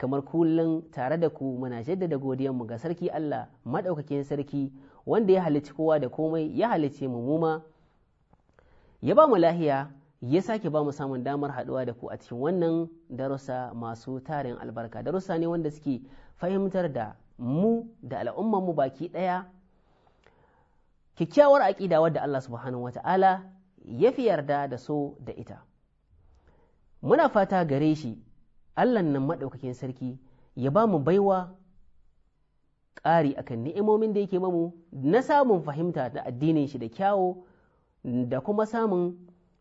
kamar kullum tare da ku muna jaddada godiyanmu ga sarki Allah maɗaukakin sarki wanda ya halicci kowa da komai ya halicce mu muma ya ba mu lahiya ya sake ba mu samun damar haɗuwa da ku a cikin wannan darussa masu tarin albarka darussa ne wanda suke fahimtar da mu da al'ummar mu baki ɗaya kyakkyawar aƙida wadda Allah subhanahu wata'ala ya fi yarda da so da ita muna fata gare shi Allah nan maɗaukakin sarki ya ba mu baiwa ƙari akan ni'imomin da yake mamu na samun fahimta da addinin shi da kyawo da kuma samun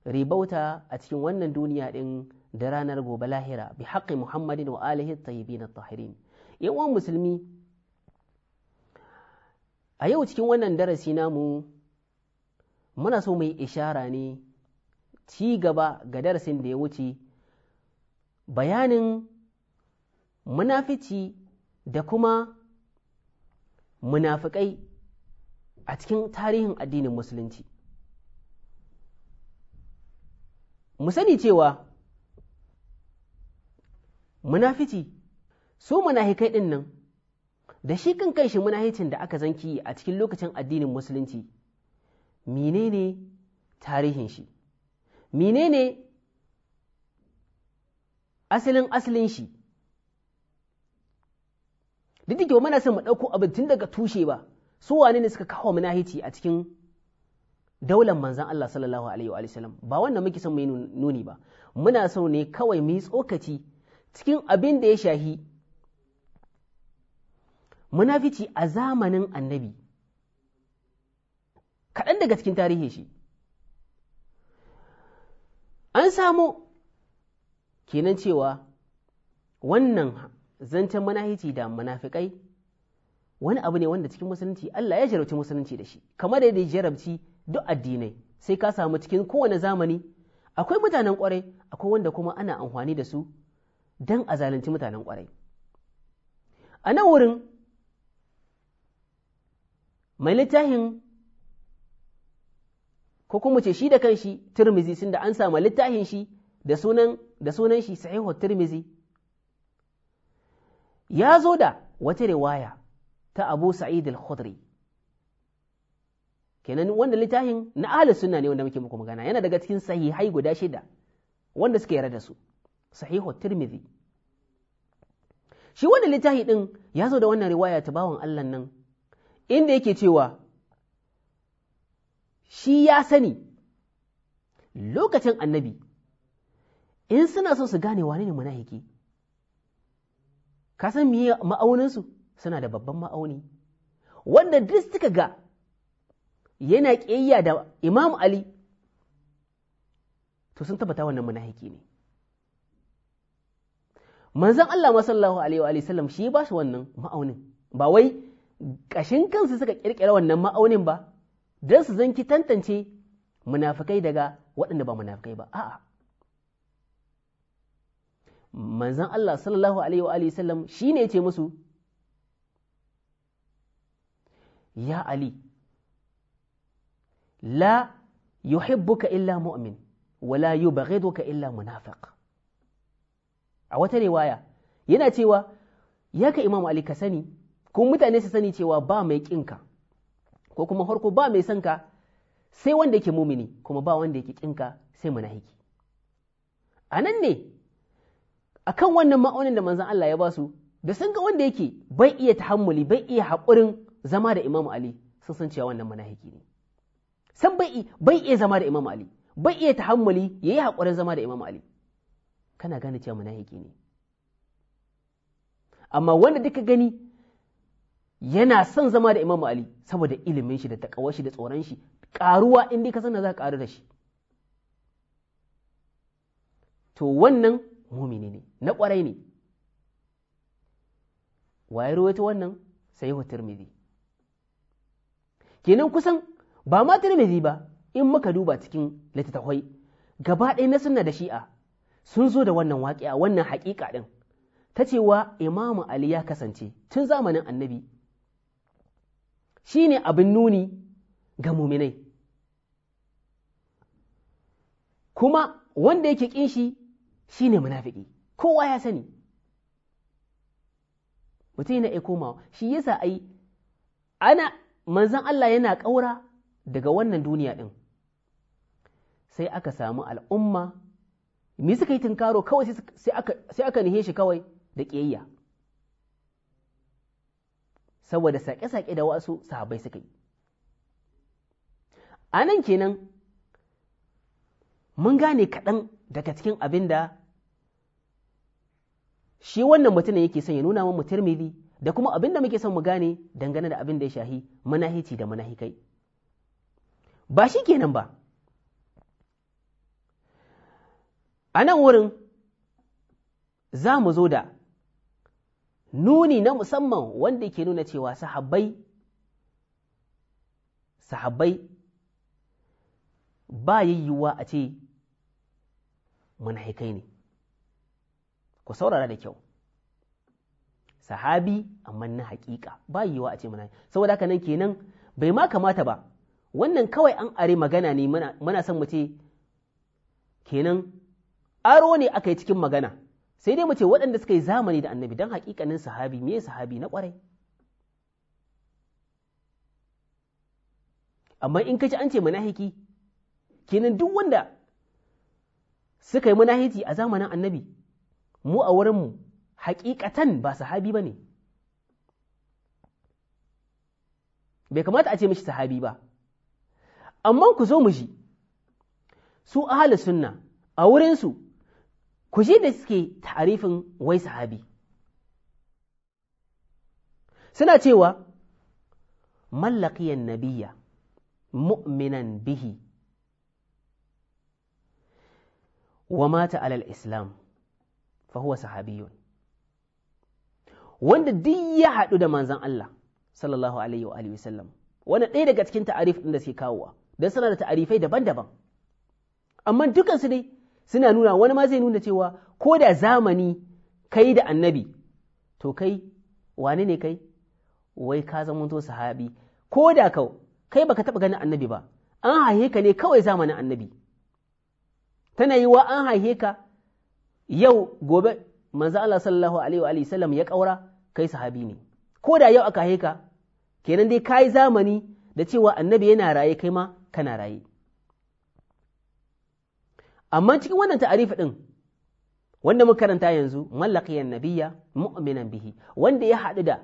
ribauta a cikin wannan duniya ɗin da ranar gobe lahira bi haƙƙi muhammadin wa alihi tayyibin at-tahirin yan uwan musulmi a yau cikin wannan darasi namu muna so mu yi ishara ne ci gaba ga darasin da ya wuce bayanin munafici da kuma munafikai a cikin tarihin addinin musulunci mu sani cewa munafici su munafikai ɗin nan da shi kan kai shi munahicin da aka zanki a cikin lokacin addinin musulunci menene tarihin shi menene asalin asalin shi duk da kyau muna son mu ɗauko abin tun daga tushe ba su wane ne suka kawo munahici a cikin daular manzan Allah sallallahu alaihi wa sallam ba wannan muke son mu nuni ba muna so ne kawai mu yi tsokaci cikin abin da ya shahi munafici a zamanin annabi kaɗan daga cikin tarihi shi an samu kenan cewa wannan zancen manahici da munafikai wani abu ne wanda cikin musulunci Allah ya jarabci musulunci da shi kamar yadda ya jarabci duk addinai sai ka samu cikin kowane zamani akwai mutanen kwarai akwai wanda kuma ana amfani da su don a zalunci mutanen kwarai a nan wurin mai littafin ko kuma ce shi da kanshi turmizi sun da an samu littafin shi da sunan da sunan shi sahihu tirmizi ya zo da wata riwaya ta abu sa'id al-khudri kenan wanda littafin na ahli sunna ne wanda muke muku magana yana daga cikin sahihai guda shida wanda suka yarda da su sahihu tirmidhi shi wanda littafi din ya zo da wannan riwaya ta bawan Allah nan inda yake cewa shi ya sani lokacin annabi in suna so su gane wane ne munafiki ka san miye ma'auninsu suna da babban ma'auni wanda duk suka ga yana ƙiyayya da imam ali to sun tabbata wannan munafiki ne manzon Allah sallallahu alaihi wa sallam shi ba shi wannan ma'aunin ba wai kashin kansu suka ƙirƙira wannan ma'aunin ba don su zanki tantance munafikai daga waɗanda ba munafikai ba a'a manzan Allah sallallahu alaihi wa alihi sallam shine yace musu ya ali la yuhibbuka illa mu'min wala yubghiduka illa munafiq a wata riwaya yana cewa ya ka imamu ali ka sani kun mutane su sani cewa ba mai ƙinka ko kuma harko ba mai sanka sai wanda yake mumini kuma ba wanda yake ƙinka sai munafiki a nan ne akan wannan ma'aunin da manzan Allah ya ba su da sun ga wanda yake bai iya tahammuli bai iya haƙurin zama da Imam Ali sun san cewa wannan manahiki ne san bai bai iya zama da Imam Ali bai iya tahammuli yayi haƙurin zama da Imam Ali kana gane cewa manahiki ne amma wanda duka gani yana son zama da Imam Ali saboda ilimin shi da takawar shi da tsoron shi karuwa in dai ka sanar za ka karu da shi to wannan mumini ne na kwarai ne waye ruwaito wannan sai wa tirmidhi kenan kusan ba ma tirmidhi ba in muka duba cikin littattafai gaba ɗaya na sunna da shi'a sun zo da wannan waƙiya wannan haƙiƙa ɗin ta cewa imamu ali ya kasance tun zamanin annabi shi ne abin nuni ga muminai kuma wanda yake ƙin shi Shi ne munafiki kowa ya sani mutum yana iya komawa shi yasa ai ana manzan Allah yana ƙaura daga wannan duniya ɗin sai aka samu al'umma me suka yi tunkaro kawai sai aka nihe shi kawai da ƙiyayya saboda saƙe-saƙe da wasu sahabai suka yi a nan kenan mun gane kaɗan daga cikin abin da shi wannan mutumin yake son ya nuna mu tirmidhi da kuma abin da muke son mu gane dangane da abin da ya shahi manahici da manahikai ba shi kenan ba a nan wurin za mu zo da nuni na musamman wanda ke nuna cewa sahabbai sahabbai ba yayyuwa a ce manahikai ne ku saurara da kyau sahabi amma na hakika. ba yiwa a ce mana saboda haka nan kenan bai ma kamata ba wannan kawai an are magana ne muna son mu kenan aro ne aka yi cikin magana sai dai mu waɗanda suka yi zamani da annabi don nan sahabi me sahabi na ƙwarai amma in kaci an ce munahiki kenan duk wanda suka yi munahici a zamanin annabi mu a wurinmu hakikatan ba sahabi ba ne bai kamata a ce mishi sahabi ba amma ku zo mu ji su ahli sunna a wurinsu ku ji da suke tarifin wai sahabi suna cewa mallakiyan nabiya mu'minan bihi wa mata alal islam fa huwa sahabiyun wanda duk ya haɗu da manzan Allah sallallahu alaihi wa alihi wasallam ɗaya daga cikin ta'arif ɗin da suke kawowa dan suna da ta'arifai daban-daban amma dukansu dai suna nuna wani ma zai nuna cewa ko da zamani kai da annabi to kai wane ne kai wai ka zama to sahabi ko da kau kai baka taɓa ganin annabi ba an haihe ka ne kawai zamanin annabi tana yi wa an haihe ka yau gobe manzo Allah sallallahu alaihi wa sallam ya kaura kai sahabi ne ko da yau aka haika kenan dai kai zamani da cewa annabi yana raye kai ma kana raye amma cikin wannan ta'arifi din wanda muka karanta yanzu mallaqiyan nabiyya mu'minan bihi wanda ya haɗu da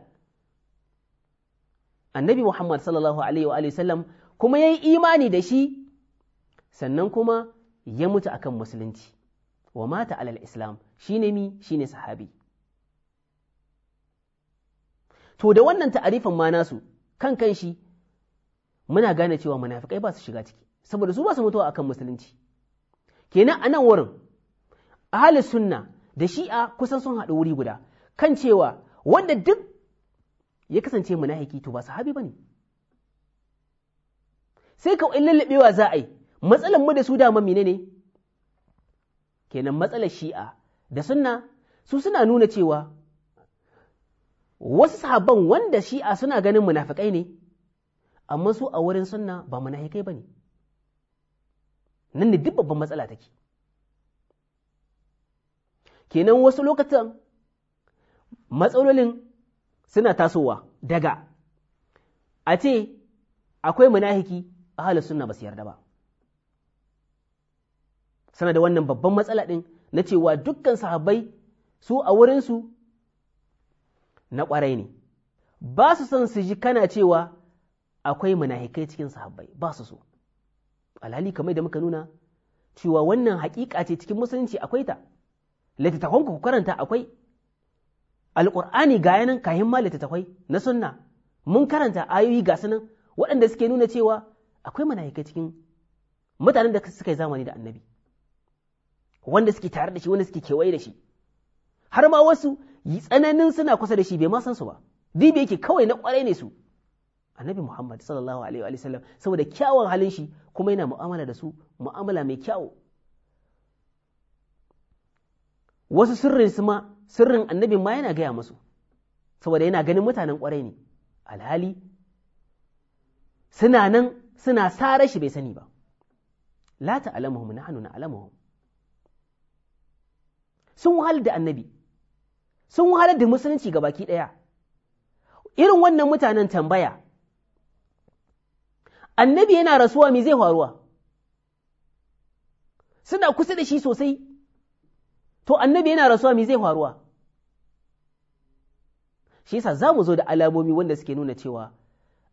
annabi Muhammad sallallahu alaihi wa sallam kuma yayi imani da shi sannan kuma ya mutu akan musulunci wa mata alal islam shi ne mi shi ne sahabi to da wannan ta'arifin ma nasu kan kan shi muna gane cewa munafikai ba su shiga ciki saboda su ba su mutuwa akan musulunci kenan anan nan wurin ahli sunna da shi'a kusan sun haɗu wuri guda kan cewa wanda duk ya kasance munafiki to ba sahabi bane sai ka lallabewa za a yi matsalan mu da su dama menene ne kenan matsalar shi'a da sunna su suna nuna cewa wasu sahabban wanda shi'a suna ganin munafikai ne amma su a wurin sunna ba munafikai ba ne nan ne duk babban matsala take kenan wasu lokutan matsalolin suna tasowa daga a ce akwai munafiki ahalus sunna ba su yarda ba sana da wannan babban matsala ɗin na cewa dukkan sahabbai su a wurinsu na ƙwarai ne ba su son su ji kana cewa akwai munafikai cikin sahabbai ba su so alhali kamar da muka nuna cewa wannan haƙiƙa ce cikin musulunci akwai ta littattafan ku karanta akwai alƙur'ani ga yanan kayan ma littattafai na sunna mun karanta ayoyi ga sunan waɗanda suke nuna cewa akwai munafikai cikin mutanen da suka yi zamani da annabi wanda suke tare da shi wanda suke kewaye da shi har ma wasu yi tsananin suna kusa da shi bai ma san su ba dibi yake kawai na kwarai ne su annabi muhammad sallallahu alaihi wa sallam saboda kyawun halin shi kuma yana mu'amala da su mu'amala mai kyau wasu sirrin su ma sirrin annabi ma yana gaya musu saboda yana ganin mutanen kwarai ne alhali suna nan suna sare shi bai sani ba la ta'lamuhum nahnu na'lamuhum sun wahalar da annabi sun wahalar da musulunci ga baki ɗaya irin wannan mutanen tambaya annabi yana rasuwa me zai faruwa suna kusa da shi sosai to annabi yana rasuwa me zai faruwa shi yasa za mu zo da alamomi wanda suke nuna cewa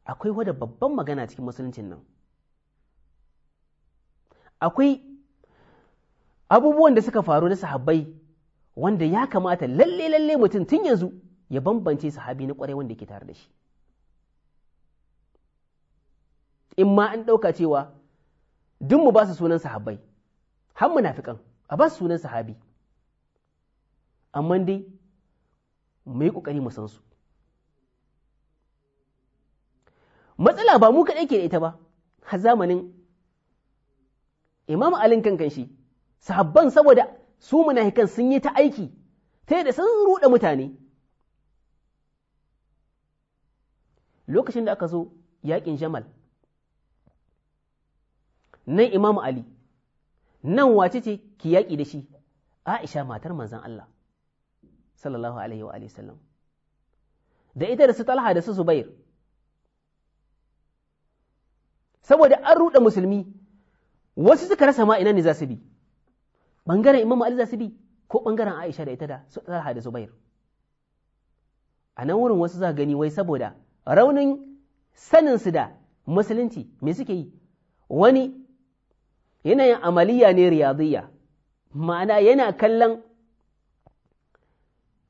akwai wada babban magana cikin musuluncin nan akwai abubuwan da suka faru na sahabbai wanda ya kamata lalle lalle mutum tun yanzu ya bambance sahabi na kwarai wanda ke tare da shi in ma an ɗauka cewa duk mu ba su sunan sahabbai har munafikan a ba su sunan sahabi amma dai mu yi ƙoƙari mu san su matsala ba mu kaɗai ke da ita ba har zamanin imam alin kankan shi sahabban saboda su munafikan sun yi ta aiki ta da sun ruɗe mutane lokacin da aka zo yaƙin jamal nan imamu ali nan wace ce ki yaƙi da shi aisha matar manzan Allah sallallahu alaihi wa sallam da ita da su talha da su zubair saboda an ruɗe musulmi wasu suka rasa ma ina ne za su bi ɓangaren Imam Ali za ko ɓangaren Aisha da ita da su Talha da Zubair a nan wurin wasu za gani wai saboda raunin sanin su da musulunci me suke yi wani yanayin amaliya ne riyadiyya ma'ana yana kallon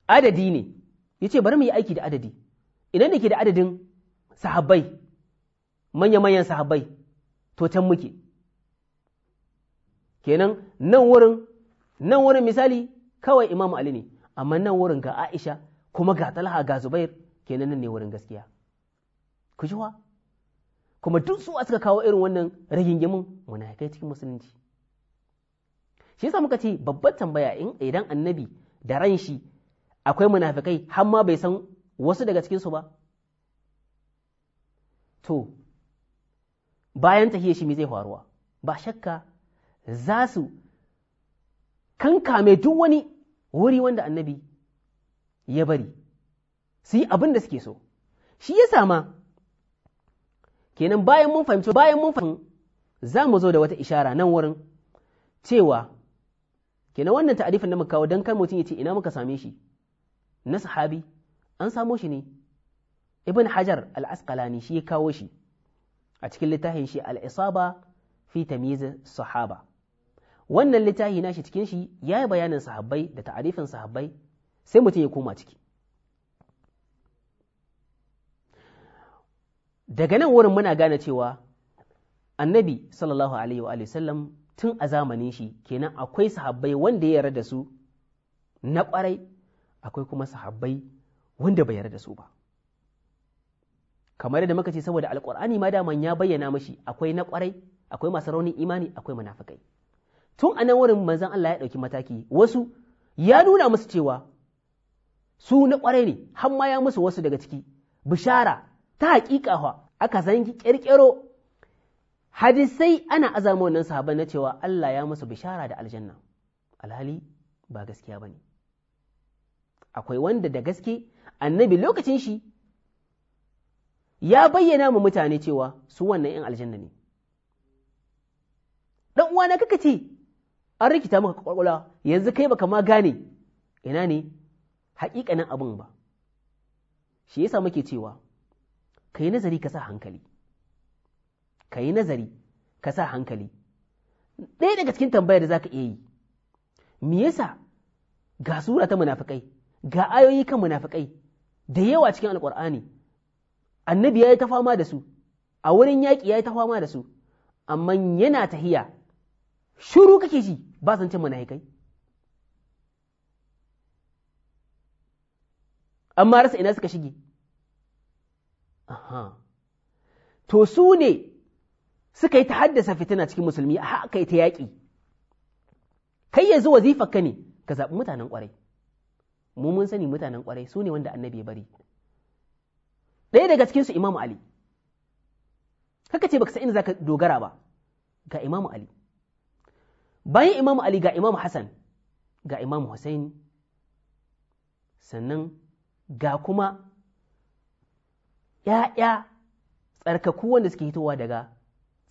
adadi ne ya ce bari mu yi aiki da adadi idan da ke da adadin sahabbai manya-manyan sahabbai to can muke kenan nan wurin nan wurin misali kawai Imam Ali ne amma nan wurin ga Aisha kuma ga Talha ga Zubair kenan nan ne wurin gaskiya ku ji kuma duk su suka kawo irin wannan rigingimin kai cikin musulunci shi yasa muka ce babbar tambaya in idan annabi da ran shi akwai munafikai har ma bai san wasu daga cikinsu ba to bayan tahiyar shi me zai faruwa ba shakka za su kankame duk wani wuri wanda annabi ya bari su yi abin da suke so shi ya sama kenan bayan mun fahimci bayan mun fahimci za mu zo da wata ishara nan wurin cewa kenan wannan ta'arifin da muka kawo don kai mutum ya ce ina muka same shi na sahabi an samo shi ne ibn hajar al-asqalani shi ya kawo shi a cikin littafin shi al-isaba fi tamyiz sahaba wannan littafi nashi cikin shi ya yi bayanin sahabbai da ta'arifin sahabbai sai mutum ya koma ciki daga nan wurin muna gane cewa annabi sallallahu alaihi wa sallam tun a zamanin shi kenan akwai sahabbai wanda ya yarda su na kwarai akwai kuma sahabbai wanda bai yarda da su ba kamar da muka ce saboda alƙur'ani ma daman ya bayyana mashi akwai na kwarai akwai masu raunin imani akwai munafukai tun a nan wurin manzan Allah ya ɗauki mataki wasu ya nuna musu cewa su na ƙwarai ne har ma ya musu wasu daga ciki bishara ta haƙiƙa aka zangi ƙirƙiro hadisai ana azama wannan sahaban na cewa Allah ya musu bishara da aljanna alhali ba gaskiya bane. akwai wanda da gaske annabi lokacin shi ya bayyana ma mutane cewa su wannan ‘yan aljanna ne. Ɗan uwa na kaka ce, an rikita maka kwakwalwa yanzu kai baka ma gane ina ne haƙiƙanin abin ba shi yasa muke cewa ka yi nazari ka sa hankali ka yi nazari ka sa hankali ɗaya daga cikin tambayar da za ka iya yi me yasa ga sura ta munafukai ga ayoyi kan munafukai da yawa cikin alƙur'ani annabi ya yi ta fama da su a wurin yaƙi ya yi ta fama da su amma yana tahiya shuru kake ji ba zancen kai amma rasa ina suka shige aha to su ne suka yi ta haddasa fitina cikin musulmi a haka yi ta yaƙi kai yanzu wazifar ka ne ka zaɓi mutanen ƙwarai mu mun sani mutanen ƙwarai su ne wanda annabi ya bari ɗaya daga cikinsu imamu ali Kaka ce baka san za zaka dogara ba ga imamu ali bayan Imam Ali ga Imam Hassan ga Imam Hussein sannan ga kuma ‘ya'ya tsarkaku wanda suke hitowa daga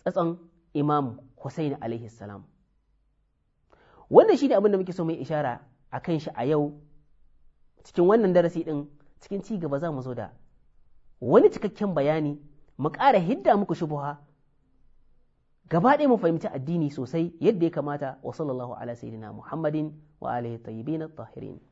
tsatson Imam Hussein alaihi salam. Wannan shi ne abin da muke so mai ishara a kan shi a yau cikin wannan darasi ɗin cikin ci gaba za mu zo da wani cikakken bayani mu ƙara hidda muku shubuha gaba ɗaya mu fahimci addini sosai yadda ya kamata wa sallallahu ala sayyidina muhammadin wa alihi tayyibin at-tahirin